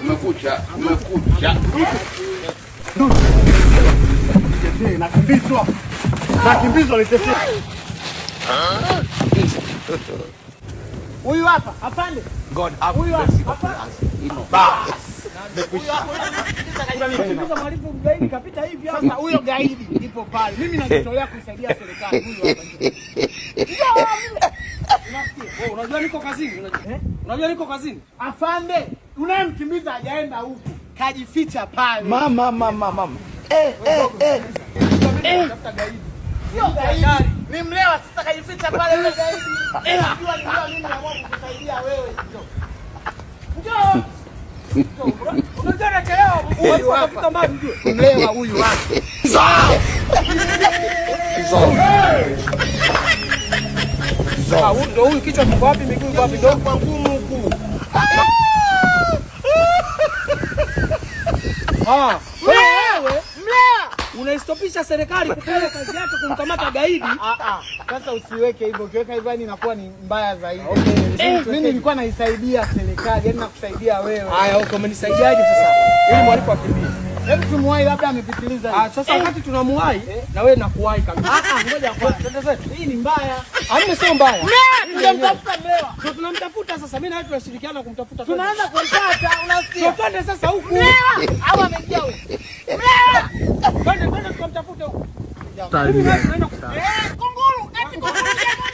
Umekucha, umekucha. Nakimbizwa, nakimbizwa, nitetee. Huyu hapa, afande. God have mercy upon us. Bas. huyo gaidi ipo pale. Mimi najitolea kusaidia serikali Unajua niko kazini, eh? unajua niko kazini. Afande unayemkimbiza hajaenda huko, kajificha pale. Mama, mama, mama. Eh, eh, eh. eh. eh. Sio gaidi. Ni mlewa sasa kajificha pale wewe gaidi. Eh, unajua ni ndio mimi naamua kukusaidia wewe. Njoo. huyu kichwa kiko wapi miguu wapi ndio ngumu huku. Ah, wewe unaistopisha serikali kufanya kazi yake kumkamata gaidi. Ah, ah. sasa usiweke hivyo, ukiweka hivyo yani inakuwa ni mbaya zaidi. Mimi nilikuwa naisaidia serikali, yani nakusaidia wewe. Haya, uko umenisaidiaje sasa? Ili mwalipo akimbie Hebu tumuwai labda amepitiliza. Ah, sasa eh. wakati tunamuwai na wewe nakuwai kabisa. Ah, ah ngoja kwanza. Twende zetu. Hii ni mbaya. Hamna ah, sio mbaya. Tunamtafuta mewa. Sio tunamtafuta sasa. Mimi na wewe tunashirikiana kumtafuta. Tunaanza kumtafuta, unasikia? Twende sasa huku. Mewa. Au ameingia wewe? Mewa. Twende twende tukamtafute huko. Tunaenda. Kunguru, eti kunguru.